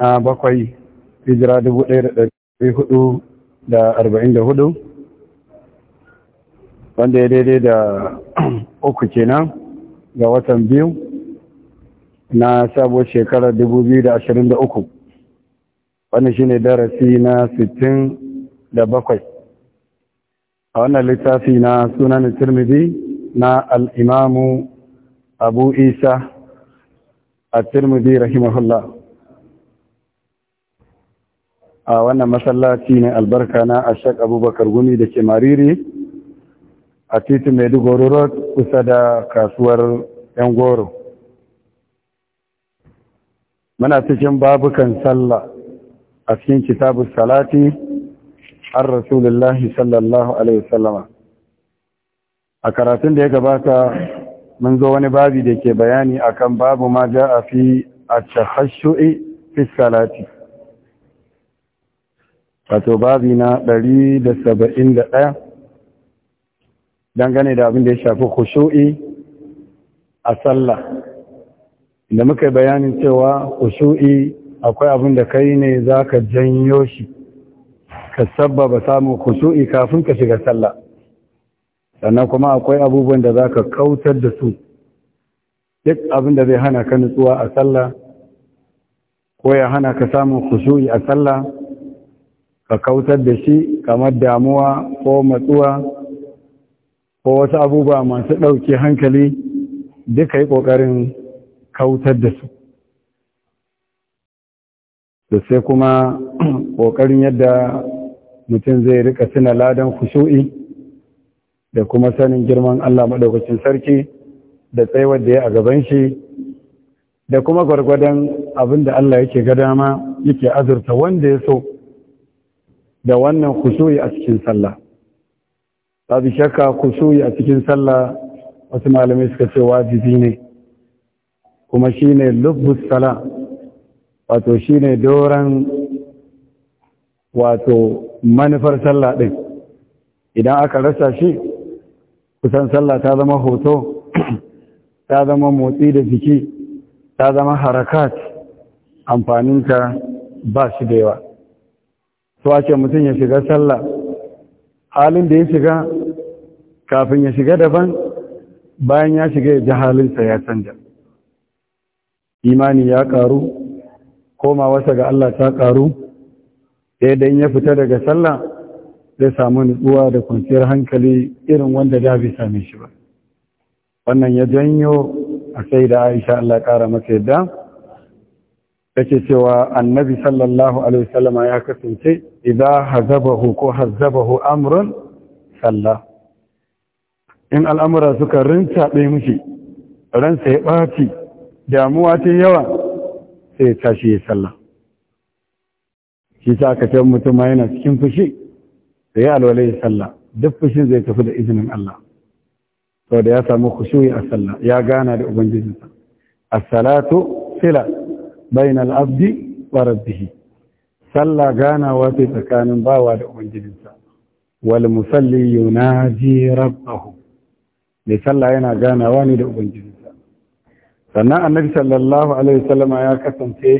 Na bakwai hijira dubu ɗaya da ɗari hudu da arba'in da hudu wanda ya daidai da uku kenan ga watan biyu na sabu shekarar dubu biyu da ashirin da uku wannan shine darasi na sittin da bakwai a wannan littafi na sunan turmidi na al'imamu abu isa a turmidi rahimahullah a wannan masallaci ne albarka na ashek abubakar gumi da ke mariri a titin maiduguri road kusa da kasuwar yan goro muna cikin babukan sallah a cikin kitabun salati an rasulullahi sallallahu alaihi wasallama a karatun da ya gabata mun zo wani babi da ke bayani akan babu ma ja a fi a fi salati wato babi na 171 dangane da abin da ya shafi khushu'i a sallah da muka bayanin cewa khushu'i akwai abin da kai ne za ka janyo shi ka sabbaba samun khushu'i kafin ka shiga sallah sannan kuma akwai abubuwan da za ka kautar da su duk abin da zai hana ka nutsuwa a sallah ko ya hana ka samun khushu'i a sallah ka kautar da shi kamar damuwa ko matsuwa ko wasu abubuwa masu ɗauke hankali duka yi ƙoƙarin kautar da su da sai kuma ƙoƙarin yadda mutum zai rika tuna ladan kushu'i da kuma sanin girman Allah maɗaukacin sarki da tsayawar da ya a gaban shi da kuma gwargwadon abin da Allah yake ga dama yake azurta wanda ya so da wannan kusuri a cikin sallah babu shakka kusuri a cikin sallah wasu malamai suka ce wajibi ne kuma shi ne lubbus sala wato shi ne doran wato manufar sallah ɗin idan aka rasa shi kusan sallah ta zama hoto ta zama motsi da jiki ta zama harakat amfaninka ba shi da yawa a ce mutum ya shiga sallah halin da ya shiga kafin ya shiga daban bayan ya shiga ya ji halinsa ya canja imani ya karu koma wasa ga Allah ta karu ɗaya da ya fita daga sallah zai samu nutsuwa da kwanciyar hankali irin wanda da bai same shi ba wannan ya janyo a sai da aisha Allah kara masa yadda ta ce cewa annabi sallallahu alaihi wasallama ya kasance idza hazabahu ko hazabahu amrun salla in al'amura suka rinta ɗaya mishi ransa ya ɓaci damuwa ta yawa sai ya tashi ya salla shi sa aka ce mutum ma yana cikin fushi da ya ya salla duk fushin zai tafi da izinin Allah sau da ya samu khushuyi a salla ya gana da ubangijinsa as-salatu sila bainal abdi wa rabbihi sallah ganawa ce tsakanin bawa da ubangijinsa wal musalli yunaji rabbahu mai sallah yana ganawa ne da ubangijinsa sannan annabi sallallahu alaihi wasallam ya kasance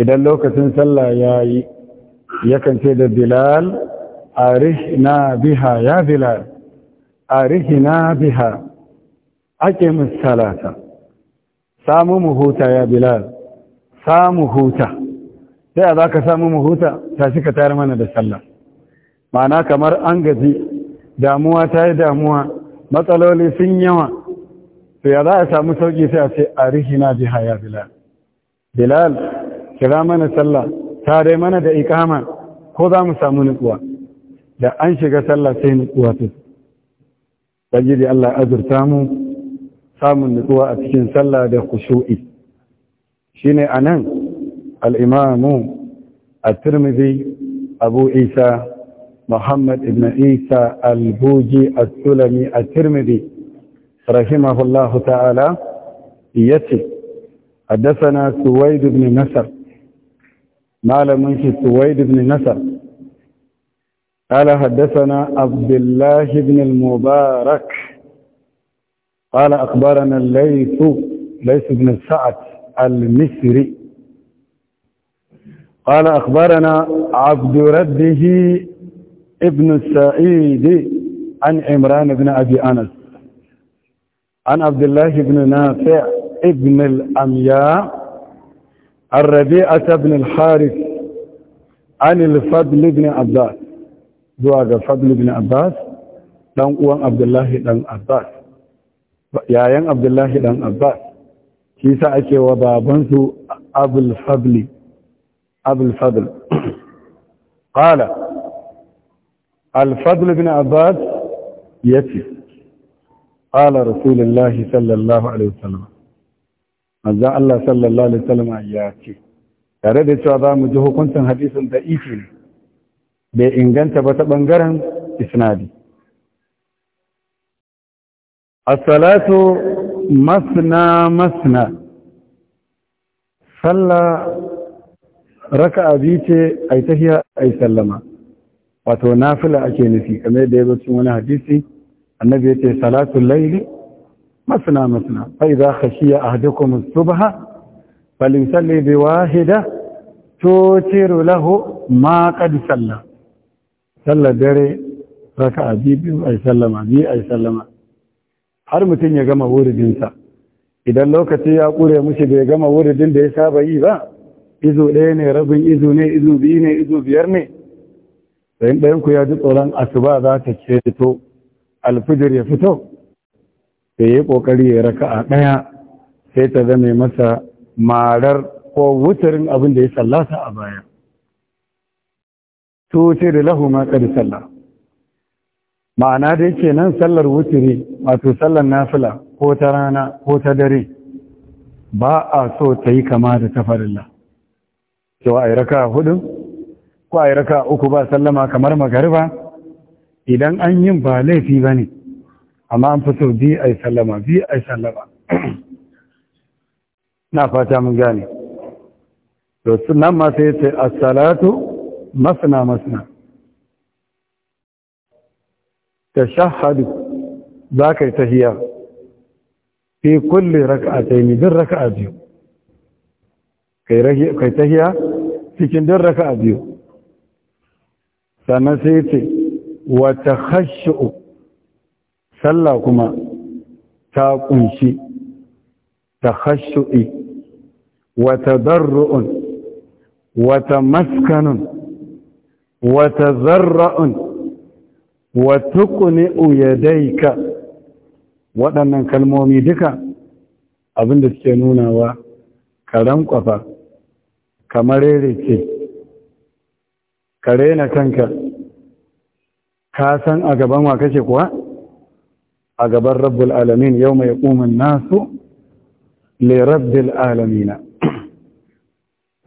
idan lokacin sallah yayi yakan ce da bilal arihna biha ya bilal arihna biha ake salata samu mu huta ya bilal samu huta sai a za ka samu mu huta ta shi ka tayar mana da sallah ma'ana kamar an gaji damuwa ta yi damuwa matsaloli sun yawa to ya za a samu sauƙi sai a ce a na jiha ya bilal bilal kira mana sallah tare mana da ikama ko za mu samu nutsuwa da an shiga sallah sai nutsuwa ta da Allah azurta mu samun nutsuwa a cikin sallah da khushu'i shine anan الإمام الترمذي أبو عيسى محمد بن عيسى البوجي السلمي الترمذي رحمه الله تعالى يتي حدثنا سويد بن نصر ما لم سويد بن نصر قال حدثنا عبد الله بن المبارك قال أخبرنا الليث ليث بن سعد المصري قال أخبرنا عبد ربه ابن السعيد عن عمران بن أبي أنس عن عبد الله بن نافع ابن الأمياء الربيعة بن الحارث عن الفضل بن عباس زواج فضل بن عباس دان uwan Abdullahi dan Abbas yayan Abdullahi dan Abbas shi sa ake wa babansu Abul Fadli أبو الفضل قال الفضل بن عباس يتي قال رسول الله صلى الله عليه وسلم manzan Allah sallallahu Alaihi wasallam ya ce, tare da cewa za mu ji hukuncin hadisin da ifi ne, bai inganta ba ta ɓangaren isnadi. As-salatu masna masna, sallah raka'a biyu ce ai a ai sallama wato na nafila ake nufi kamar yadda ya zo wani hadisi annabi yace salatu layli masna masna fa idza khashiya ahadukum as-subha falyusalli bi wahida tutiru lahu ma qad salla salla dare raka'a biyu ai sallama biyu yi sallama har mutum ya gama wuridinsa idan lokaci ya kure mushi bai gama wuridin da ya saba yi ba izo ɗaya ne rabin izo ne izo biyu ne izo biyar ne sayin ɗayan ku ya ji tsoron asuba za ta ce to alfijir ya fito sai ya ƙoƙari ya raka a ɗaya sai ta zame masa marar ko wutarin abin da ya sallata a baya ce da lahu ma ƙari sallah ma'ana da yake nan sallar wuturi wato sallar nafila ko ta rana ko ta dare ba a so ta yi kama da tafarilla cewa a yi raka hudu ko a yi raka uku ba sallama kamar magariba idan an yin ba laifi ba ne amma an fito biyu a yi sallama biyu a yi sallama na fata mun gane to sunan ma sai ce assalatu masna masna ta shahadu za ka yi tahiya fi kulle raka'a bin raka a biyu kai tahiya cikin don raka a biyu sannan sai ce wata hashi'u sallah kuma ta kunshi ta hashi'i wata zarra'un wata maskanun wata zarra'un wata kuni'u ya daika waɗannan kalmomi duka abinda suke nunawa karen ƙwafa. kamar rereke ka rena kanka ka san a gaban wa kake kuwa a gaban rabbul alamin yau mai ƙumin nasu le rabbil alamina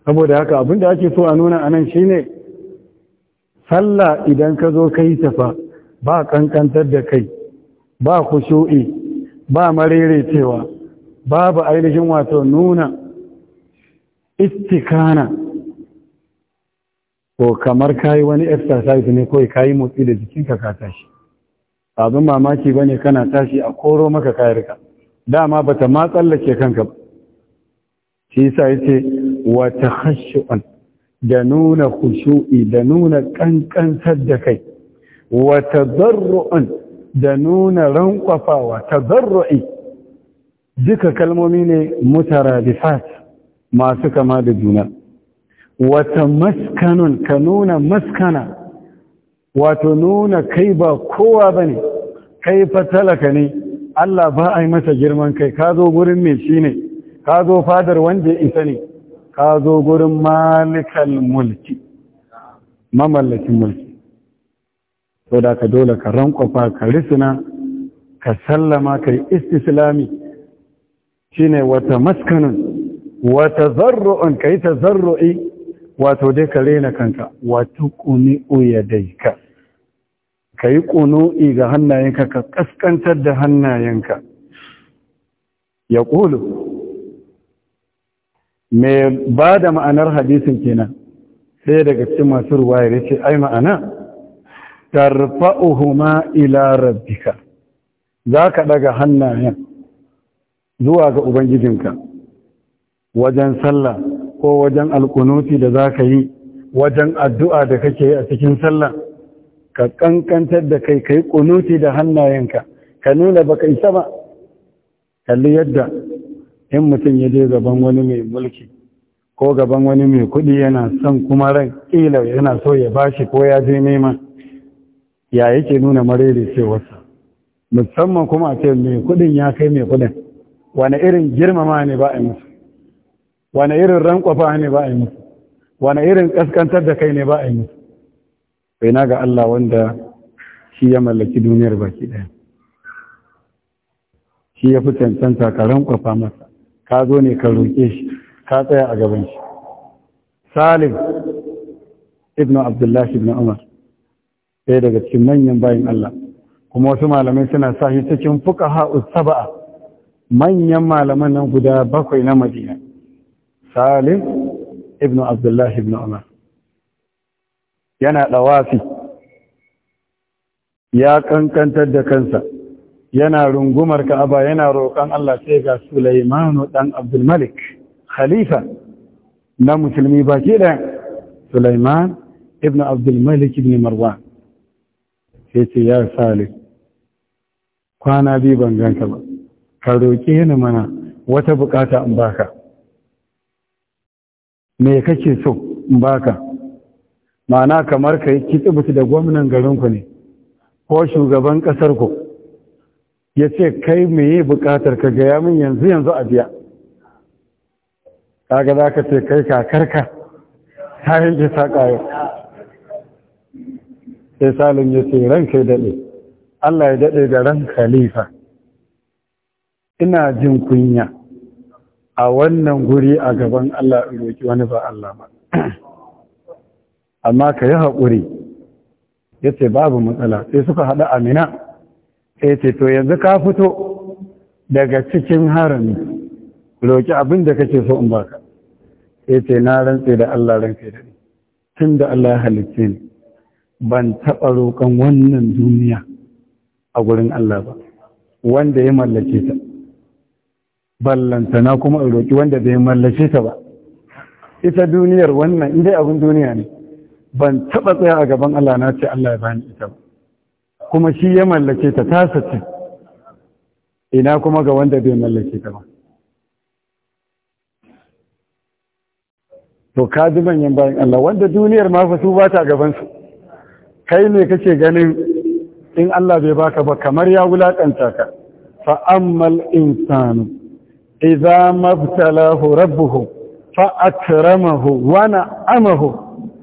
saboda haka abinda ake so a nuna anan shine sallah idan ka zo ka yi tafa ba kankantar da kai ba kushu'i ba marerecewa babu ainihin wato nuna istikana ko kamar kayi wani exercise ne kawai kayi motsi da jikinka ka tashi abin mamaki bane kana tashi a koro maka kayarka dama bata ma tsallake kanka ba shi yasa yace wa takhashu'an da nuna khushu'i da nuna kankansar da kai wa tadarru'an da nuna rankwafawa tadarru'i duka kalmomi ne mutaradifat masu kama da juna wata maskanun ka nuna maskana wato nuna kai ba kowa ba ne kai fatalaka ne Allah ba a yi masa girman kai ka zo gurin mai shi ne ka zo fadar wanda isa ne ka zo gurin malikan mulki mamallakin mulki So da ka dole ka rankwafa ka risina ka sallama ka yi istislami ne wata maskanun Wata ka yi ta tazarru'i wato dai ka rena kanka wato wa ka ka yi qunu'i ga hannayenka ka kaskantar da hannayenka ya ƙulu me ba da ma'anar hadisin kenan sai daga cikin masu ruwa ya ce ai ma'ana tarfa'uhuma ila rabbika za ka daga hannayen zuwa ga ubangijinka wajen sallah ko wajen alkunuti da za ka yi wajen addu'a da kake yi a cikin sallah ka ƙanƙantar da kai ka yi kunuti da hannayenka ka nuna ba ka isa ba kalli yadda in mutum ya je gaban wani mai mulki ko gaban wani mai kuɗi yana son kuma ran ƙila yana so ya bashi ko ya je nema ya yake nuna marere cewarsa musamman kuma a ce mai kuɗin ya kai mai kuɗin wani irin girmama ne ba a musu wane irin rankwafa ne ba a yi musu wane irin kaskantar da kai ne ba a yi musu bai na ga Allah wanda shi ya mallaki duniyar baki ɗaya shi ya fi cancanta ka rankwafa masa ka zo ne ka roƙe shi ka tsaya a gaban shi salim ibn abdullahi ibn umar ɗaya daga cikin manyan bayan Allah kuma wasu malamai suna sa shi cikin fuka ha'us saba'a manyan malaman nan guda bakwai na madina salim ibn abdullah ibn umar yana ɗawafi ya ƙanƙantar da kansa yana rungumar ka'aba yana roƙon Allah sai ga Sulaimanu dan Abdul khalifa na musulmi ba ke da Sulaiman ibn Abdul ibn Marwan sai ce ya Salim kwana biyu ban ganka ba ka roƙe ni mana wata bukata in baka me kake so in baka ma'ana kamar ka yi kitsibiti da gwamnan garinku ne ko shugaban ƙasarku ya ce kai meye buƙatar ka gaya min yanzu yanzu a biya kaga za ka ce kai kakarka ta yanke yau. sai salim ya ce ranka ya daɗe allah ya daɗe da ran khalifa ina jin kunya a wannan guri a gaban Allah in roƙi wani ba Allah ba amma ka yi haƙuri ya ce babu matsala sai suka haɗa amina sai ce to yanzu ka fito daga cikin harami roƙi abin da kake so in baka sai ce na rantse da Allah rantse da ni tun da Allah ya halicce ni ban taɓa roƙon wannan duniya a gurin Allah ba wanda ya mallake ta ballantana kuma in roƙi wanda bai mallace ta ba ita duniyar wannan indai abin duniya ne ban taɓa tsaya a gaban Allah na ce Allah ya bani ita ba kuma shi ya mallake ta tasa ce ina kuma ga wanda bai mallake ta ba to ka ji manyan bayan Allah wanda duniyar ma fa su ba ta gaban su kai ne kace ganin in Allah bai baka ba kamar ya wulakanta ka fa ammal insanu idza mabtalahu rabbuhu fa akramahu wa na'amahu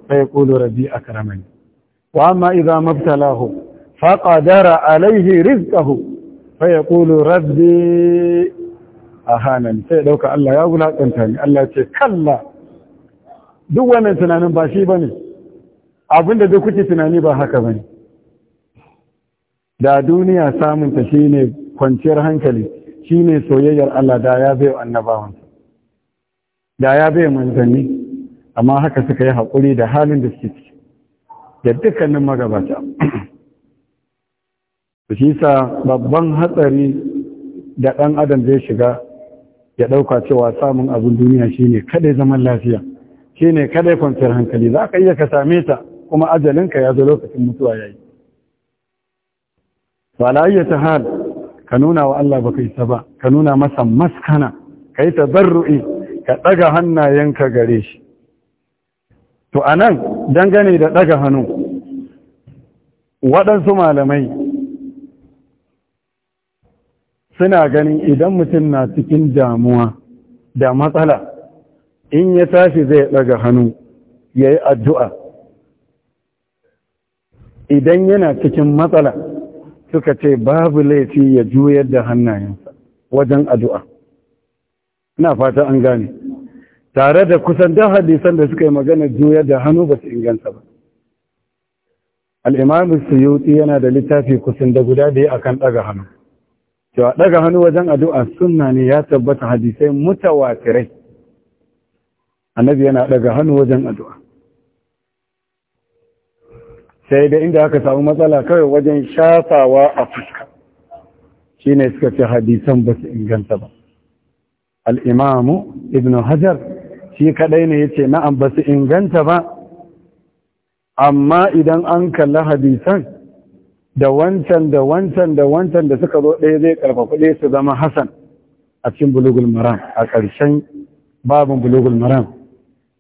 fa yaqulu rabbi akramani wa amma idza mabtalahu fa qadara alayhi rizqahu fa yaqulu rabbi ahanani sai dauka Allah ya wulakanta ni Allah ce kalla duk wannan tunanin ba shi bane abinda duk kuke tunani ba haka bane da duniya samun ta shine kwanciyar hankali Shi ne soyayyar Allah da ya bai annabawan da ya bai manzanni amma haka suka yi haƙuri da halin da suke ciki da dukkanin magabata shi sa babban hatsari da ɗan adam zai shiga ya ɗauka cewa samun abin duniya shine kadai zaman lafiya shine kadai kwanciyar hankali za ka iya ka same ta kuma ajalinka ya zo lokacin mutuwa ya yayi Ba ta hal ka nuna wa Allah baka isa ba ka nuna masa maskana ka yi tabarru'i ka ɗaga hannayenka gare shi to anan dangane da ɗaga hannu waɗansu malamai suna ganin idan mutum na cikin damuwa da matsala in ya tashi zai ɗaga hannu ya yi addu'a idan yana cikin matsala suka ce babu laifi ya juyar da hannayensa wajen addu'a ina fata an gane tare da kusan da hadisan da suka yi magana juyar da hannu ba su inganta ba al'imam suyuti yana da littafi kusan da guda da ya akan ɗaga hannu cewa ɗaga hannu wajen addu'a sunna ne ya tabbata hadisai mutawatirai annabi yana ɗaga hannu wajen addu'a sai da inda aka samu matsala kawai wajen shafawa a fuska shi ne suka ce hadisan ba su inganta ba al'imamu ibn hajar shi kadai ne ya ce na'am ba su inganta ba amma idan an kalla hadisan da wancan da wancan da wancan da suka zo ɗaya zai ƙarfafi ɗaya su zama Hassan. a cikin bulugul maram a ƙarshen babin bulugul maram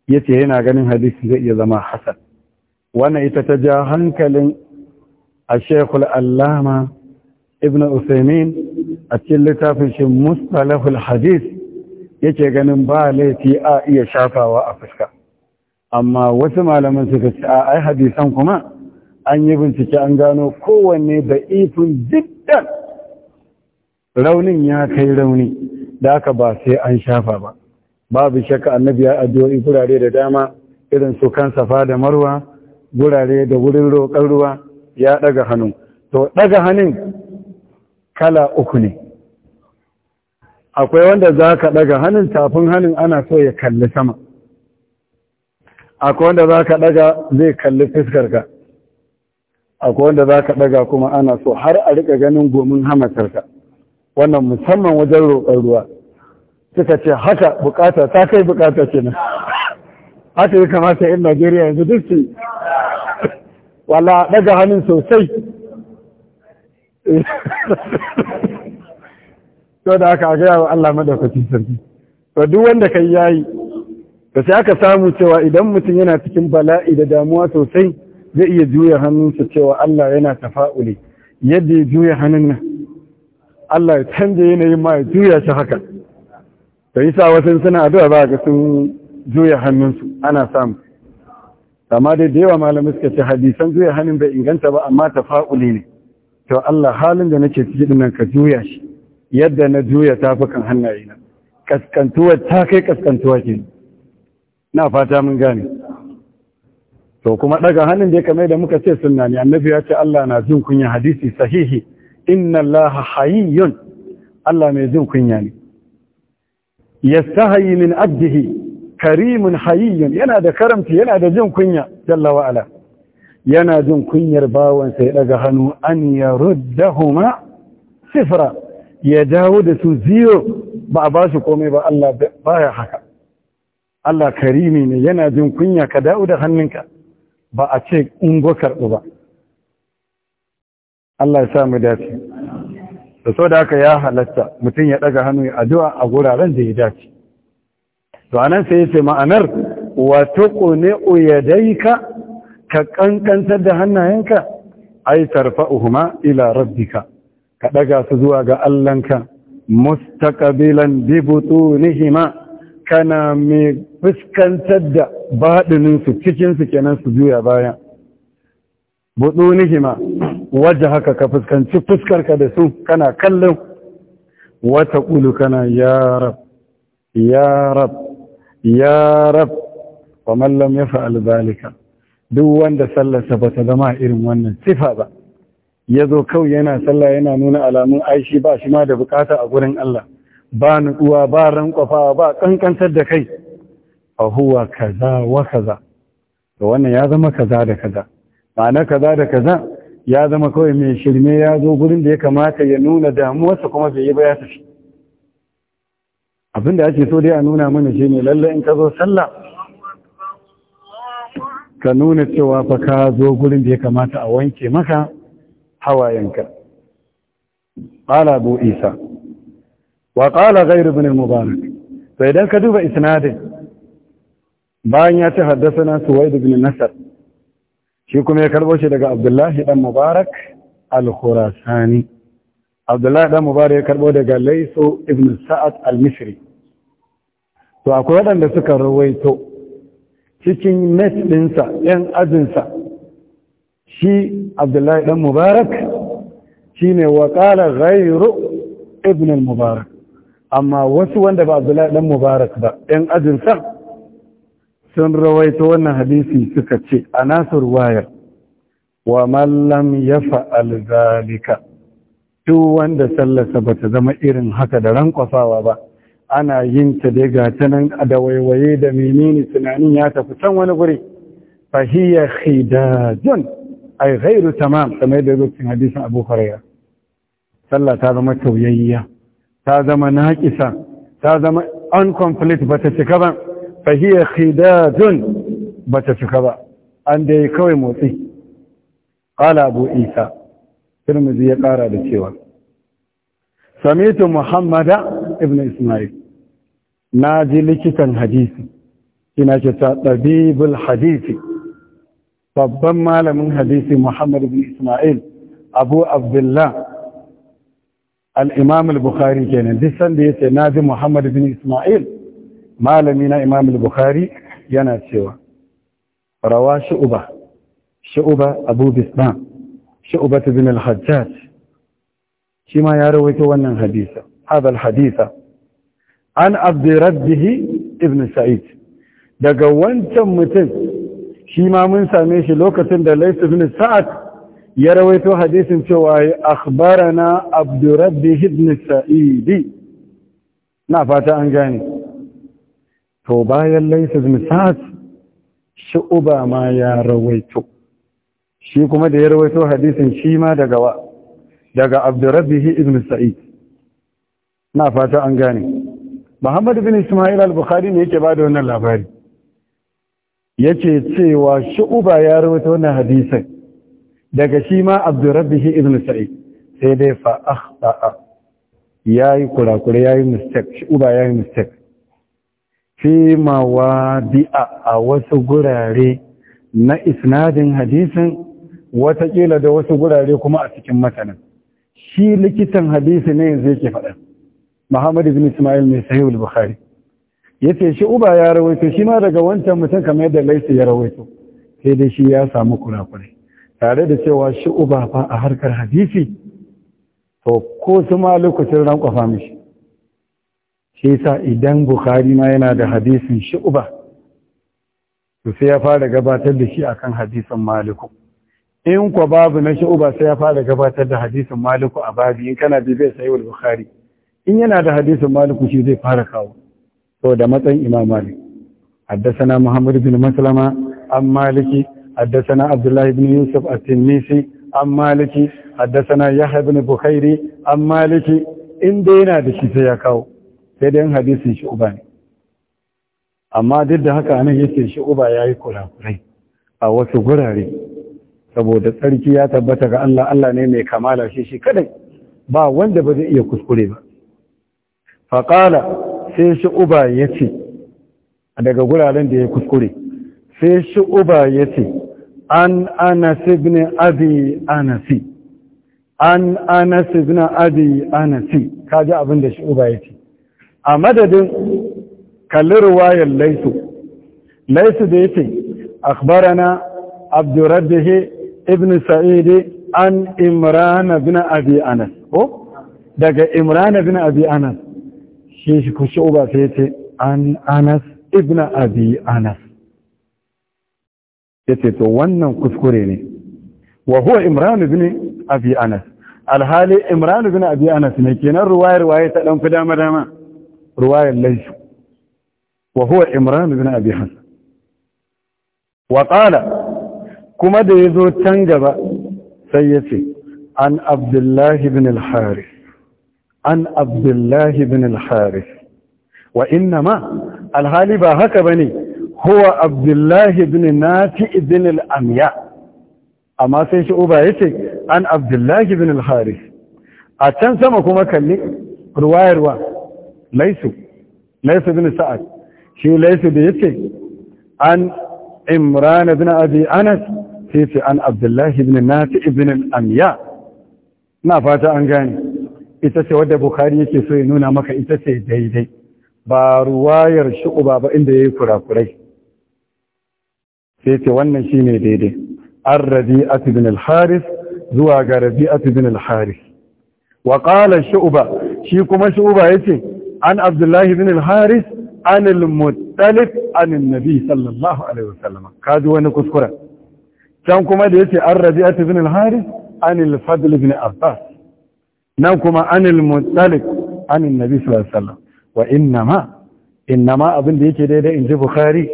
ya ce yana ganin hadisi zai iya zama Hassan. wannan ita ta ja hankalin a shekul allama ibn usaimin a cikin littafin shi mustalahul hadis yake ganin ba laifi a iya shafawa a fuska amma wasu malaman suka ce a ai hadisan kuma an yi bincike an gano kowanne da ifin diddan raunin ya kai rauni da aka ba sai an shafa ba babu shakka annabi ya addu'o'i furare da dama irin su kan safa da marwa gurare da wurin roƙar ruwa ya ɗaga hannu to ɗaga hannun kala uku ne akwai wanda za ka ɗaga hannun tafin hannun ana so ya kalli sama akwai wanda za ka ɗaga zai kalli fiskarka akwai wanda za ka ɗaga kuma ana so har a riƙa ganin gomin hamasarka. wannan musamman wajen roƙar ruwa suka ce haka bukata ta kai bukata nan. haka ya kamata yin najeriya yanzu duk su wala daga hannun sosai to da aka gaya wa Allah madaukakin sarki to duk wanda kai yayi to sai aka samu cewa idan mutum yana cikin bala'i da damuwa sosai zai iya juya hannunsa cewa Allah yana tafa'uli yadda ya juya hannun nan Allah ya canje yanayin ma ya juya shi haka to yasa wasu suna addu'a ba ga sun juya hannunsu ana samu amma dai da yawa malamai suka ce hadisan juya hannun bai inganta ba amma ta fa'uli ne to Allah halin da nake ciki dinnan ka juya shi yadda na juya tafukan hannaye na kaskantuwa ta kai kaskantuwa ke na fata mun gane to kuma daga hannun da kamar da muka ce sunna ne annabi ya ce Allah na jin kunya hadisi sahihi inna Allah hayyun Allah mai jin kunya ne yastahi min abdihi karimun hayiyan yana da karamci yana da jin kunya jalla wa'ala yana jin kunyar bawan ya daga hannu an ya huma sifra ya dawo da su ziyo ba a ba su komai ba Allah baya haka Allah karimi ne yana jin kunya ka dawo da hannunka ba a ce in karɓi ba Allah ya sa mu dace da so da haka ya halatta mutum ya daga hannu ya addu'a a guraren da ya dace to anan sai yace ma'anar wa tuqni yadayka ka kankantar da hannayenka ai tarfa'uhuma ila rabbika ka ɗaga su zuwa ga Allahnka mustaqbilan bi butunihima kana mai fuskantar da baɗininsu cikinsu kenan su juya baya butunihima waje haka ka fuskanci fuskarka da su kana kallon wata ƙulu kana ya rab ya rab ya rab wa mallam ya fa'al zalika duk wanda sallarsa ba ta zama irin wannan sifa ba ya zo kawai yana sallah yana nuna alamun aishi ba shi ma da bukata a gurin Allah ba nutsuwa ba rankwafawa ba kankantar da kai a huwa kaza wa kaza da wannan ya zama kaza da kaza ma'ana kaza da kaza ya zama kawai mai shirme ya zo gurin da ya kamata ya nuna damuwarsa kuma bai yi ba ya tafi abinda ake so dai a nuna mana shi ne lalle in ka zo sallah ka nuna cewa fa ka zo gurin da ya kamata a wanke maka hawayenka Ƙala bu isa wa ƙala ghayr ibn mubarak Sai idan ka duba isnadin bayan ya ci haddasa na suwaid bin nasar. shi kuma ya karɓo shi daga abdullahi dan mubarak al-khurasani abdullahi dan mubarak ya karɓo daga laiso ibn sa'ad al-misri to akwai waɗanda suka rawaito cikin net ɗinsa ‘yan ajinsa shi abdullahi ɗan mubarak shi ne waƙalar rairu ibn mubarak amma wasu wanda ba abdullahi ɗan mubarak ba ‘yan ajinsa sun rawaito wannan hadisi suka ce a nasu ruwayar wa mallam ya fa'al zalika duk wanda sallasa ba ta zama irin haka da rankwasawa ba ana yin ta dai ga ta nan da waiwaye da menene tunanin ya tafi can wani guri fahiyya khidajun ay ghairu tamam kamar da rubutun hadisin Abu Hurairah sallah ta zama tauyayya ta zama naqisa ta zama incomplete bata cika ba fahiyya khidajun bata cika ba an dai kawai motsi qala Abu Isa Tirmidhi ya kara da cewa sami'tu Muhammada ibn Ismail na ji likitan hadisi ina ce ta ɗabibul hadisi babban malamin hadisi Muhammad ibn Ismail Abu Abdullah al-Imam al-Bukhari kenan duk sanda yace na ji Muhammad ibn Ismail malami na Imam al-Bukhari yana cewa rawa shu'ba shu'ba Abu Bislam shu'ba ibn al-Hajjaj shi ma ya rawaito wannan hadisa هذا الحديث عن عبد ربه ابن سعيد daga wancan mutum shi ma mun same shi lokacin da Lais ibn Sa'ad ya rawaito hadisin cewa ya akhbarana Abdurrabbih ibn Sa'id na fata an gane to bayan Lais ibn Sa'ad uba ma ya rawaito shi kuma da ya rawaito hadisin shi ma daga wa daga Abdurrabbih ibn Sa'id na fata an gane Muhammad bin Ismail al-Bukhari ne yake bada wannan labari yace cewa Shu'uba ya rawaito wannan hadisin daga shi ma Abdurrabbih ibn Sa'id sai dai fa akhta'a yayi kurakure yayi mistake ya yayi mistake fi mawadi'a a wasu gurare na isnadin hadisin watakila da wasu gurare kuma a cikin matanin shi likitan hadisi ne yanzu yake faɗa Muhammad ibn Ismail mai sahih al-Bukhari yace shi uba ya rawaito shi ma daga wancan mutum kamar yadda Laisi ya rawaito sai dai shi ya samu kurakurai tare da cewa shi uba fa a harkar hadisi to ko su ma lokacin kwafa mishi shi yasa idan Bukhari ma yana da hadisin shi uba to sai ya fara gabatar da shi akan hadisin Maliku in kwa babu na shi uba sai ya fara gabatar da hadisin Maliku a babu in kana bibiyar sahih al-Bukhari in yana da hadisin maliku shi zai fara kawo da matsayin imam malik haddasana muhammad bin maslama Haddasa na Abdullahi bin Yusuf a يوسف an maliki. Haddasa na Yahya bin بخيري an maliki. in dai yana da shi sai ya kawo sai dai hadisin shi uba ne amma duk da haka anan yace shi uba yayi kurakurai a wasu gurare saboda tsarki ya tabbata ga Allah Allah ne mai kamala shi shi kadai ba wanda ba zai iya kuskure ba faƙala sai shi uba ya ce daga guraren da ya kuskure sai shi uba ya ce an Anasi ibn abi anasi an Anasi ibn abi anasi kaji abin da shi uba ya ce a madadin kalli ruwayar laisu laisu da ya ce akbarana abdurrabbihi ibn sa'idi an Imrana bin abi anas ko daga Imrana bin abi anas shi shi ku shu'uba sai ya ce an anas ibna abi anas ya ce to wannan kuskure ne wa huwa imran ibn abi anas alhali imran ibn abi anas ne kenan ruwayar ruwaya ta dan fi dama dama ruwayar laifu wa huwa imran ibn abi hasan wa qala kuma da yazo can gaba sai ya ce an abdullahi ibn al-harith an abdullahi bin al-haris wa innama alhali ba haka ba ne huwa abdullahi bin nafi bin al-amya amma sai shi uba ce an abdullahi bin al-haris a can sama kuma kalli ruwayarwa laisu laisu bin sa'ad shi laisu da ya ce an imran bin abi anas sai ce an abdullahi bin nafi bin al-amya na fata an gane ita ce wadda Bukhari yake so ya nuna maka ita ce daidai ba ruwayar shu'uba ba inda yayi kurakurai sai ce wannan shine daidai ar rabi bin al-haris zuwa ga rabi bin al-haris wa qala shu'ba shi kuma ya yace an abdullahi bin al-haris an al-muttalib an an-nabi sallallahu alaihi wasallam kaji wani kuskura can kuma da yace ar rabi bin al-haris an al-fadl bin abbas nan kuma anil mutalik Anil nabi sallallahu alaihi wa innama innama abin da yake daidai in ji bukhari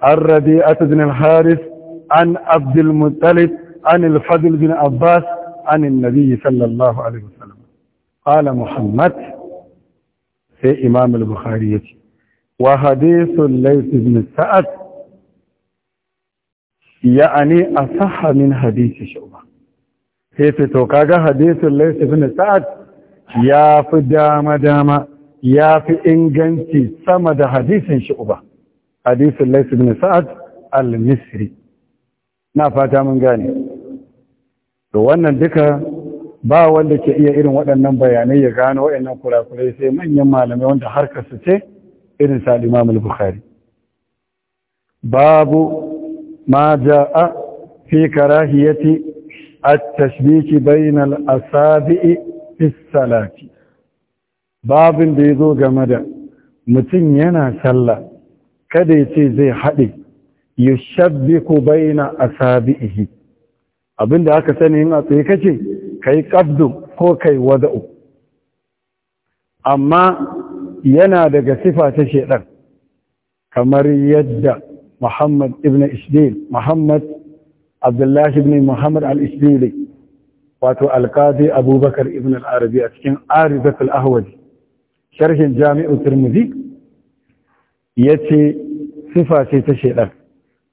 an rabi bin al-haris an abdul mutalik an al-fadl bin abbas an annabi sallallahu alaihi wasallam qala muhammad sai imam al-bukhari yace wa hadithul layth bin sa'ad ya'ani asahha min hadith shu'bah sai to to kaga hadisin laysa bin sa'ad ya fi dama dama ya fi inganci sama da hadisin uba hadisin laysa bin sa'ad al-misri na fata mun gane to wannan duka ba wanda ke iya irin waɗannan bayanai ya gano waɗannan kurakurai sai manyan malamai wanda harkar su ce irin sa Imam bukhari babu ma jaa fi karahiyati التشبيك بين الأصابع في الصلاة babin da ya zo game da mutum yana sallah kada ya ce zai haɗe ya shabbi ku baina a Abin da aka sani yin a tsaye kace ka yi ƙabdu ko kai wada'u amma yana daga sifa ta shaɗar kamar yadda muhammad ibn ishdil muhammad abdullahi ibn muhammad al-isbili wato alkazi abubakar ibn arabi a cikin arizatul ahwadi sharhin jami'u turmuzi ya ce sifa ce ta shaidar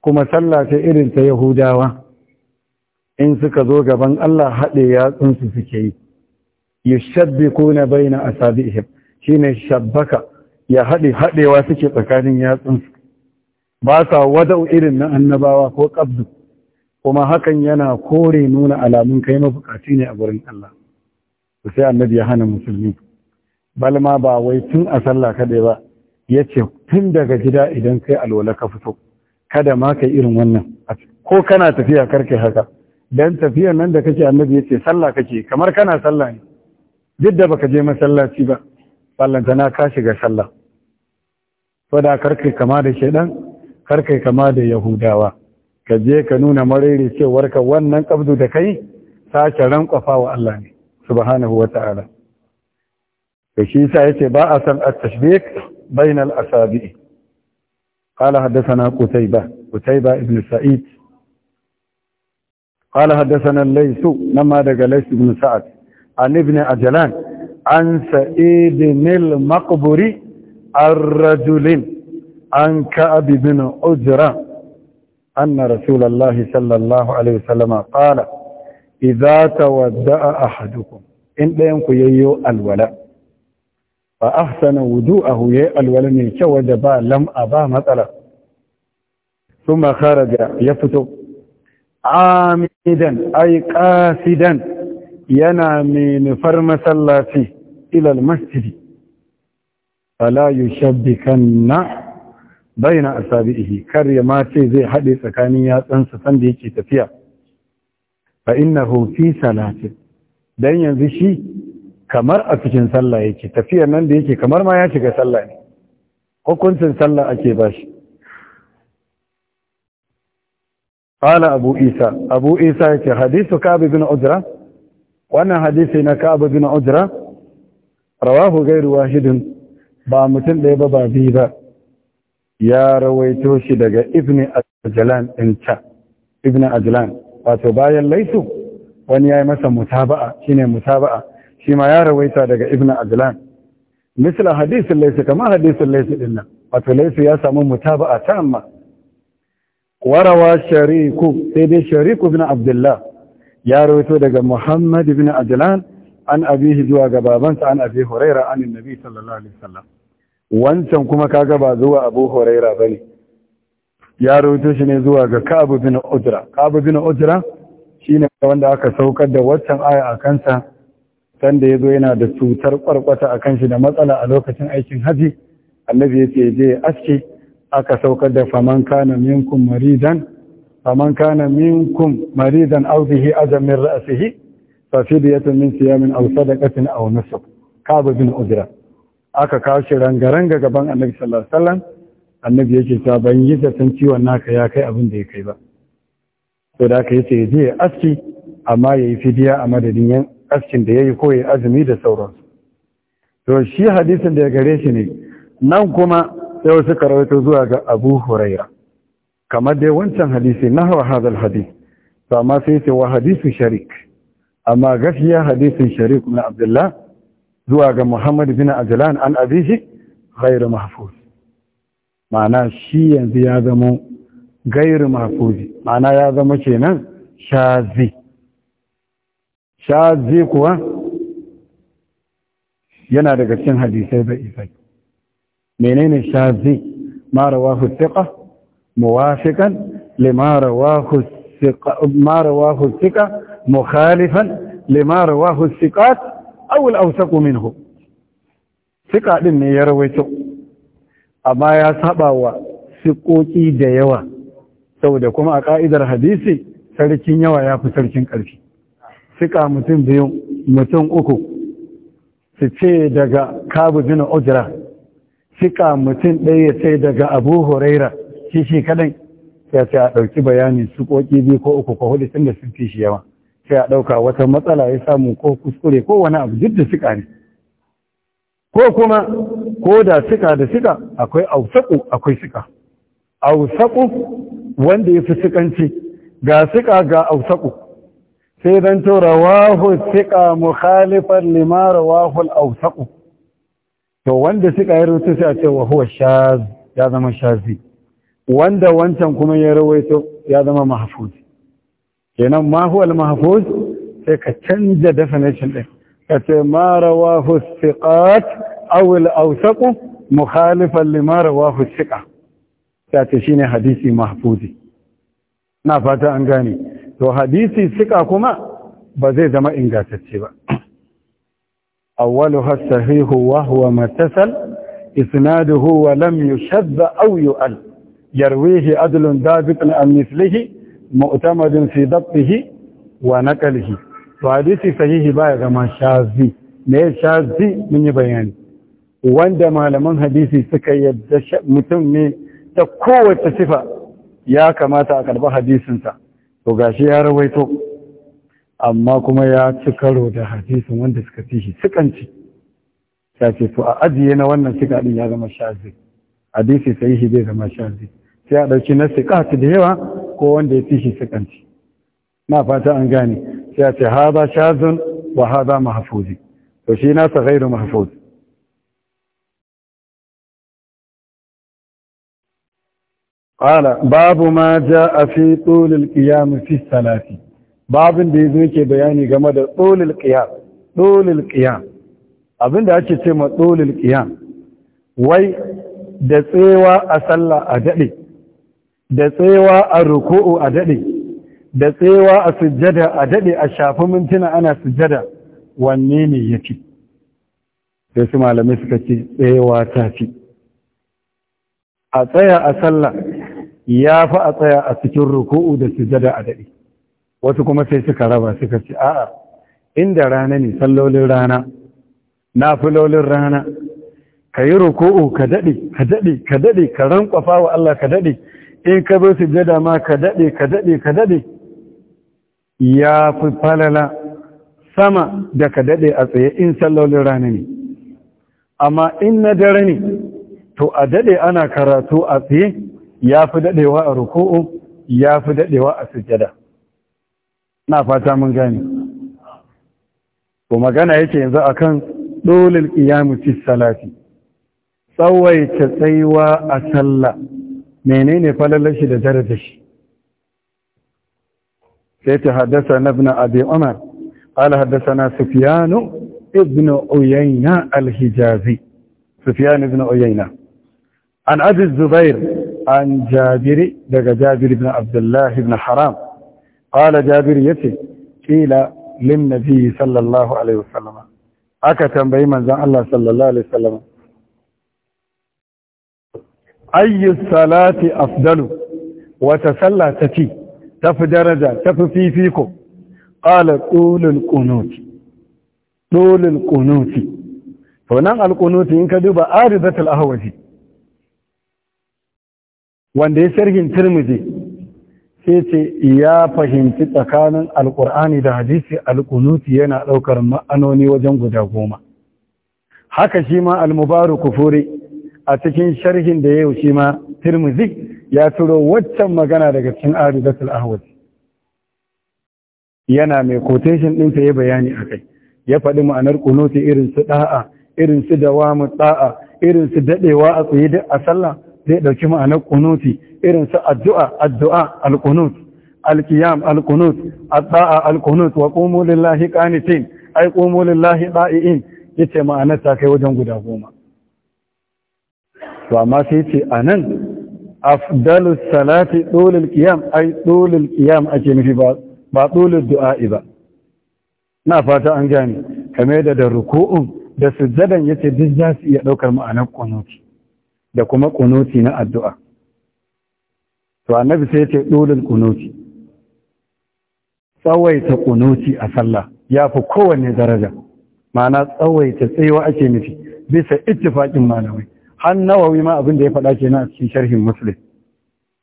kuma sallah ce irin ta yahudawa in suka zo gaban allah haɗe yatsunsu suke yi yushabbikuna baina shi shine shabbaka ya haɗe haɗewa suke tsakanin yatsunsu ba sa wada'u irin na annabawa ko qabdu kuma hakan yana kore nuna alamun kai mafukaci ne a gurin Allah to sai annabi ya hana musulmi balma ba wai tun a sallah kadai ba yace tun daga gida idan kai alwala ka fito kada ma kai irin wannan ko kana tafiya karke haka dan tafiyar nan da kake annabi yace sallah kake kamar kana sallah ne duk da baka je masallaci ba ballanta na ka shiga sallah saboda karke kama da shedan karkai kama da yahudawa ka je ka nuna mariri cewar ka wannan kabdu da kai ta ce ran kwafa wa Allah ne subhanahu wa ta'ala ka shi sa yace ba a san at-tashbih bayna al-asabi qala hadathana qutaiba qutaiba ibn sa'id qala hadathana laysu namma daga laysu ibn sa'ad an ibn ajlan an sa'id ibn al-maqburi ar-rajulin an ka'ab ibn ujra أن رسول الله صلى الله عليه وسلم قال إذا تودأ أحدكم إن لم ييو الولاء فأحسن ودوءه يي الولاء من با لم أبا مثلا ثم خرج يفتو عامدا أي قاسدا ينا من فرم سلاتي إلى المسجد فلا يشبكن bayna asabihi kar ya mace zai haɗe tsakanin yatsansa sanda yake tafiya fa innahu fi salati dan yanzu shi kamar a cikin sallah yake tafiyar nan da yake kamar ma ya shiga sallah ne hukuncin sallah ake bashi qala abu isa abu isa yake hadisu k'a ibn ujra wannan hadisi na k'a ibn ujra rawahu ghayru wahidin ba mutum ɗaya ba ba biyu ba ya rawaito shi daga ibn ajlan din wato bayan laisu wani ya yi masa mutaba'a shine mutaba'a shi ma ya rawaita daga ibn ajlan misla hadisin laisu kama hadisin laisu din nan wato laisu ya samu mutaba'a ta amma warawa shariku sai dai shariku ibn abdullah ya rawaito daga muhammad ibn ajlan an abihi zuwa ga babansa an abi huraira an annabi sallallahu alaihi wasallam wancan kuma kaga ba zuwa abu huraira ba ne ya rauto shi ne zuwa ga ka'abu bin ujira ka'abu bin ujira shi ne wanda aka saukar da waccan aya a kansa sanda ya zo yana da cutar kwarkwata a kan shi da matsala a lokacin aikin haji annabi ya ce je aski. aka saukar da faman kana minkum maridan faman kana minkum maridan aw bihi adam min ra'sihi fa fidyatun min siyamin aw sadaqatin aw nusuk ka'abu bin ujira aka kawo shi rangaranga gaban annabi sallallahu alaihi wasallam annabi yake ta ban yi da san ciwon naka ya kai abin da ya kai ba to da aka yace je aski amma yayi fidiya a madadin yan askin da yayi ko ya azumi da sauransu to shi hadisin da ya gare shi ne nan kuma sai wasu karawato zuwa ga Abu Huraira kamar dai wancan hadisi nahwa hadal hadith to amma sai yace wa hadisu sharik amma gaskiya hadisin sharik na Abdullah zuwa ga Muhammad bin Ajlan an abihi ghairu mahfuz ma'ana shi yanzu ya zama ghairu mahfuzi ma'ana ya zama kenan shazi shazi kuwa yana daga cikin hadisai da isai menene shazi ma rawahu thiqa muwafiqan lima rawahu thiqa ma rawahu thiqa mukhalifan lima rawahu thiqat awul awsaqu minhu sika din ne ya rawaito amma ya saba wa sikoki da yawa saboda kuma a ka'idar hadisi sarkin yawa ya fi sarkin ƙarfi sika mutum biyu mutum uku su ce daga kabu bin ujra sika mutum ɗaya sai daga abu huraira shi shi kaɗai ya ce a ɗauki bayanin sukoki biyu ko uku ko hudu tun da sun fi shi yawa sai a ɗauka wata matsala ya samu ko kuskure ko wani abu duk da suka ne ko kuma ko da suka da suka akwai ausaku akwai suka ausaku wanda ya fi sukanci ga suka ga ausaku sai don to rawahu suka muhalifar lima rawahu al-ausaku to wanda suka ya rutu sai a ce wa huwa shaz ya zama shazi wanda wancan kuma ya rawaito ya zama mahfuz kenan ma huwa al-mahfuz sai ka canza definition din ka ce ma rawahu thiqat aw al-awsaq mukhalifan lima rawahu thiqa ta shine hadisi mahfuzi na fata an gane to hadisi thiqa kuma ba zai zama ingantacce ba awwaluha sahihu wa huwa matasal. isnaduhu wa lam yushadd aw yu'al yarwihi adlun dabiqan an mithlihi mu'tamadin fi dabbihi wa naqlihi to hadisi sahihi baya zama shazi ne shazi mun yi bayani wanda malaman hadisi suka yadda mutum ne ta kowace sifa ya kamata a karbi hadisinsa to gashi ya rawaito amma kuma ya ci karo da hadisin wanda suka fi shi sukanci ya ce to a ajiye na wannan sika din ya zama shazi hadisi sahihi bai zama shazi sai a ɗauki na sikati da yawa ko wanda ya fi shi na fata an gane sai a ce haza shazun wa haza mahafuzi to shi nasa gairu mahafuzi. babu ma a fi tul ƙiyam fi salafi babin da ya zo ke bayani game da tul ƙiyam ƙiyam abinda ake ce ma tul ƙiyam wai da tsewa a sallah a daɗe da tsewa a ruku'u a daɗe da tsewa a sujjada a daɗe a shafi mintuna ana sujjada wanne ne ya fi su malamai suka ce tsewa ta fi a tsaya a sallah ya fi a tsaya a cikin ruku'u da sujjada a daɗe wasu kuma sai suka raba suka ce a'a inda rana ne sallolin rana na filolin rana ka yi ruku'u ka daɗe ka daɗe ka daɗe ka rankwafa wa Allah ka daɗe in ka zo sujada ma ka daɗe ka daɗe ka daɗe ya fi falala sama da ka daɗe a tsaye in sallolin rana ne amma in na dare ne to a daɗe ana karatu a tsaye ya fi daɗewa a ruku'u ya fi daɗewa a sujada. na fata mun gane ko magana yake yanzu akan dolil qiyamu fi salati tsawaita tsayuwa a sallah menene falalar shi da daraja shi sai ta haddasa na bin abi umar haddasa na sufyan ibn uyayna al-hijazi sufyan ibn uyayna an abi zubair an jabiri daga jabir ibn abdullah ibn haram qala jabir ce ƙila lin nabi sallallahu alaihi wasallam aka tambayi manzon Allah sallallahu alaihi wasallam ayyu salati afdalu wata sallah ta fi tafi daraja tafi fifiko qala qulul qunuti qulul qunuti to nan alqunuti in ka duba aridatul ahwazi wanda ya sharhin tirmidhi sai ce ya fahimci tsakanin Alƙur'ani da hadisi alqunuti yana ɗaukar ma'anoni wajen guda goma haka shi ma almubaraku Kufuri. a cikin sharhin da yau shi ma tirmizi ya turo waccan magana daga cikin aridatul ahwaz yana mai quotation ɗinta ta ya bayani a kai, ya faɗi ma'anar kunuti irin su ɗa'a irin su dawamu ɗa'a, irin su daɗewa a tsaye duk a sallah zai ɗauki ma'anar kunuti irin su addu'a addu'a alkunut alkiyam alkunut, addu'a alkunut wa qumu lillahi qanitin ay qumu lillahi da'iin yace ma'anar ta kai wajen guda goma to amma sai ce a nan afdalus salati dolil qiyam ai dolil qiyam ake nufi ba ba du'a'i ba na fata an gane kame da da ruku'un da sujjadan yace duk za su iya daukar ma'anar kunuti da kuma kunuti na addu'a to annabi sai yace dolil kunuti tsawaita kunuti a sallah ya fi kowanne daraja ma'ana tsawaita tsayuwa ake nufi bisa ittifaqin malamai har nawawi ma abin da ya faɗa kenan a cikin sharhin muslim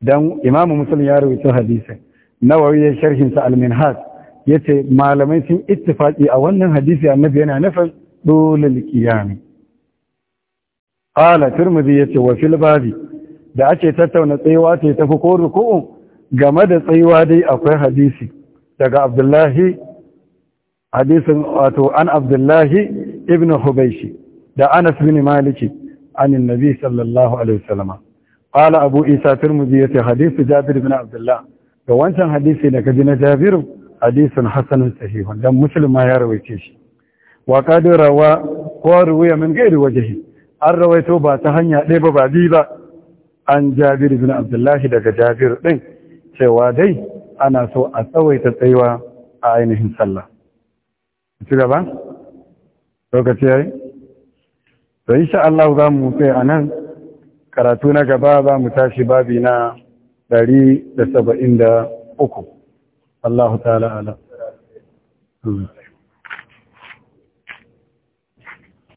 dan imamu muslim ya rawaito hadisi nawawi ya sharhin sa al-minhaj yace malamai sun ittifaqi a wannan hadisi annabi yana nufin dole liqiyam qala tirmidhi yace wa fil babi da ake tattauna tsayuwa ce tafi ko ruku'u game da tsayuwa dai akwai hadisi daga abdullahi hadisin wato an abdullahi ibn Hubaishi da anas bin maliki عن النبي صلى الله عليه وسلم قال أبو إيسى ترمذي حديث جابر بن عبد الله وانشان حديثي لكدين جابر حديث حسن صحيح لم مسلم ما يروي كيش وقد روى وروي من غير وجهه الرويته باتهنيا ليبا بعديبا عن جابر بن عبد الله لك جابر دين شوادي أنا سوء أسويت الأيوة عينهم صلى تقبع؟ توقف يا to insha Allah za mu kai a nan karatu na gaba za mu tashi babi na 173 da uku. Allah ta'ala ala.